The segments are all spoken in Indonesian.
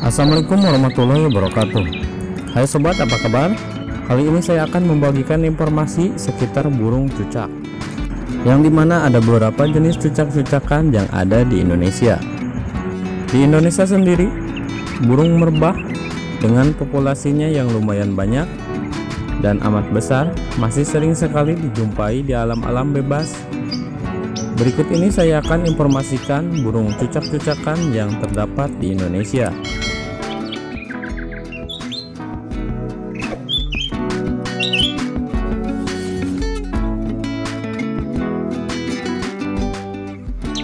Assalamualaikum warahmatullahi wabarakatuh Hai sobat apa kabar? Kali ini saya akan membagikan informasi sekitar burung cucak Yang dimana ada beberapa jenis cucak-cucakan yang ada di Indonesia Di Indonesia sendiri, burung merbah dengan populasinya yang lumayan banyak dan amat besar masih sering sekali dijumpai di alam-alam bebas Berikut ini saya akan informasikan burung cucak-cucakan yang terdapat di Indonesia.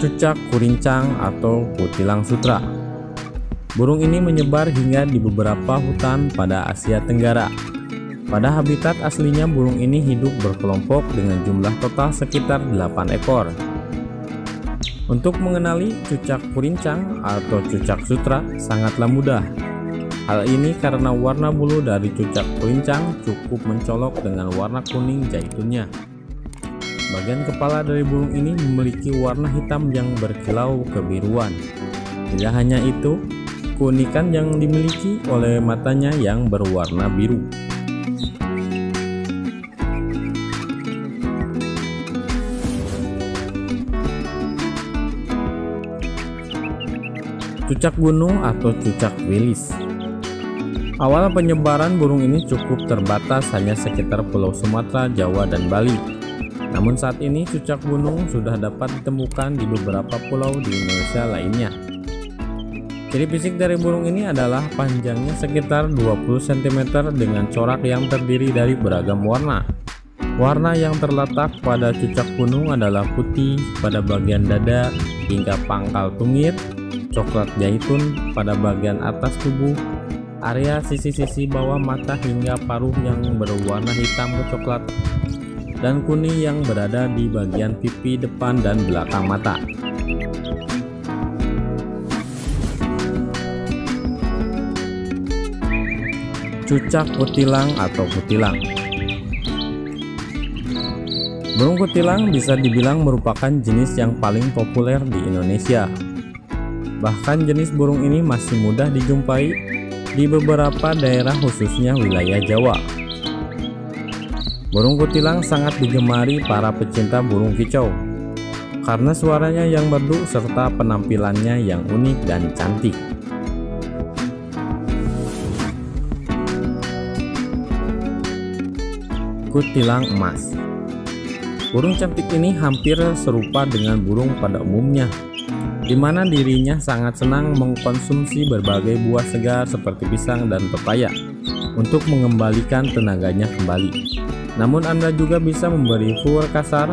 cucak kurincang atau kutilang sutra. Burung ini menyebar hingga di beberapa hutan pada Asia Tenggara. Pada habitat aslinya burung ini hidup berkelompok dengan jumlah total sekitar 8 ekor. Untuk mengenali cucak kurincang atau cucak sutra sangatlah mudah. Hal ini karena warna bulu dari cucak kurincang cukup mencolok dengan warna kuning jaitunnya. Bagian kepala dari burung ini memiliki warna hitam yang berkilau kebiruan. Tidak hanya itu, keunikan yang dimiliki oleh matanya yang berwarna biru. Cucak gunung atau cucak wilis Awal penyebaran burung ini cukup terbatas hanya sekitar Pulau Sumatera, Jawa, dan Bali namun saat ini cucak gunung sudah dapat ditemukan di beberapa pulau di Indonesia lainnya. Ciri fisik dari burung ini adalah panjangnya sekitar 20 cm dengan corak yang terdiri dari beragam warna. Warna yang terletak pada cucak gunung adalah putih pada bagian dada hingga pangkal tumit, coklat zaitun pada bagian atas tubuh, area sisi-sisi bawah mata hingga paruh yang berwarna hitam kecoklat dan kuning yang berada di bagian pipi depan dan belakang mata. Cucak kutilang atau kutilang Burung kutilang bisa dibilang merupakan jenis yang paling populer di Indonesia. Bahkan jenis burung ini masih mudah dijumpai di beberapa daerah khususnya wilayah Jawa. Burung kutilang sangat digemari para pecinta burung kicau karena suaranya yang merdu serta penampilannya yang unik dan cantik. Kutilang emas Burung cantik ini hampir serupa dengan burung pada umumnya, di mana dirinya sangat senang mengkonsumsi berbagai buah segar seperti pisang dan pepaya untuk mengembalikan tenaganya kembali. Namun Anda juga bisa memberi fuel kasar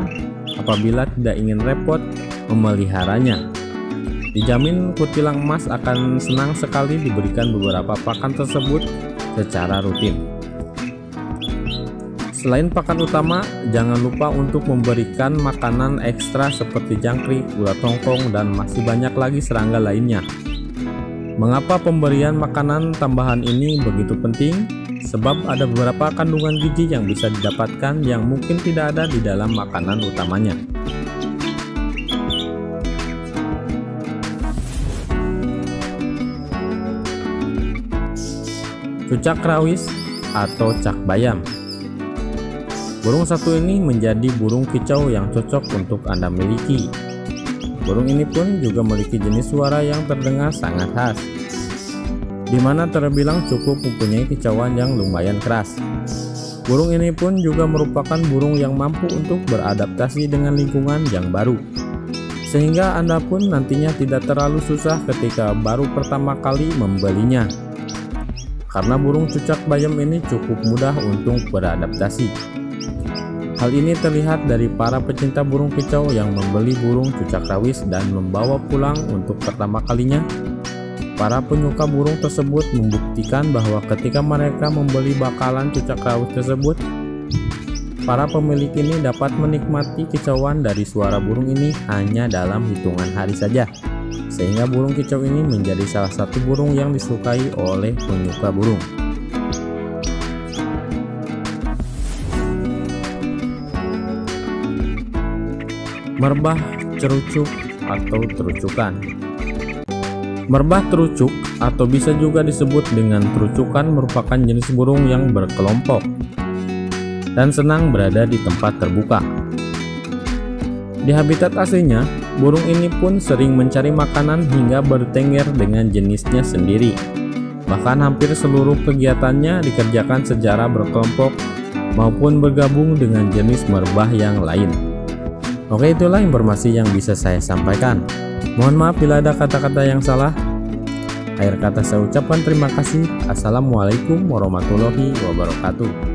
apabila tidak ingin repot memeliharanya. Dijamin kutilang emas akan senang sekali diberikan beberapa pakan tersebut secara rutin. Selain pakan utama, jangan lupa untuk memberikan makanan ekstra seperti jangkrik, gula tongkong, dan masih banyak lagi serangga lainnya. Mengapa pemberian makanan tambahan ini begitu penting? sebab ada beberapa kandungan gizi yang bisa didapatkan yang mungkin tidak ada di dalam makanan utamanya. Cucak rawis atau cak bayam Burung satu ini menjadi burung kicau yang cocok untuk Anda miliki. Burung ini pun juga memiliki jenis suara yang terdengar sangat khas, di mana terbilang cukup mempunyai kicauan yang lumayan keras. Burung ini pun juga merupakan burung yang mampu untuk beradaptasi dengan lingkungan yang baru. Sehingga Anda pun nantinya tidak terlalu susah ketika baru pertama kali membelinya. Karena burung cucak bayam ini cukup mudah untuk beradaptasi. Hal ini terlihat dari para pecinta burung kicau yang membeli burung cucak rawis dan membawa pulang untuk pertama kalinya Para penyuka burung tersebut membuktikan bahwa ketika mereka membeli bakalan cucak raus tersebut, para pemilik ini dapat menikmati kicauan dari suara burung ini hanya dalam hitungan hari saja. Sehingga burung kicau ini menjadi salah satu burung yang disukai oleh penyuka burung. Merbah cerucuk atau terucukan Merbah terucuk atau bisa juga disebut dengan terucukan merupakan jenis burung yang berkelompok dan senang berada di tempat terbuka. Di habitat aslinya, burung ini pun sering mencari makanan hingga bertengger dengan jenisnya sendiri. Bahkan hampir seluruh kegiatannya dikerjakan secara berkelompok maupun bergabung dengan jenis merbah yang lain. Oke itulah informasi yang bisa saya sampaikan. Mohon maaf bila ada kata-kata yang salah. Akhir kata saya ucapkan terima kasih. Assalamualaikum warahmatullahi wabarakatuh.